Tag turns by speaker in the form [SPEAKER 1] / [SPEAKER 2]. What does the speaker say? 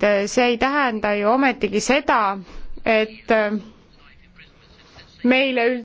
[SPEAKER 1] Eh, see ei tähenda ju ometigi seda, et eh, meile üld-,